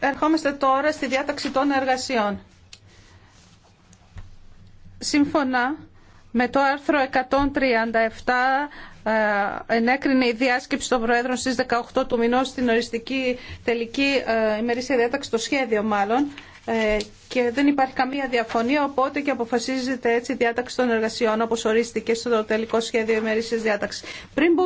Ερχόμαστε τώρα στη διάταξη των εργασιών. Σύμφωνα με το άρθρο 137 ε, ενέκρινε η διάσκεψη των Προέδρων στις 18 του μηνός στην οριστική τελική ε, ημερήσια διάταξη, το σχέδιο μάλλον, ε, και δεν υπάρχει καμία διαφωνία, οπότε και αποφασίζεται έτσι η διάταξη των εργασιών, όπως ορίστηκε στο τελικό σχέδιο ημερήσιας διάταξης. Πριν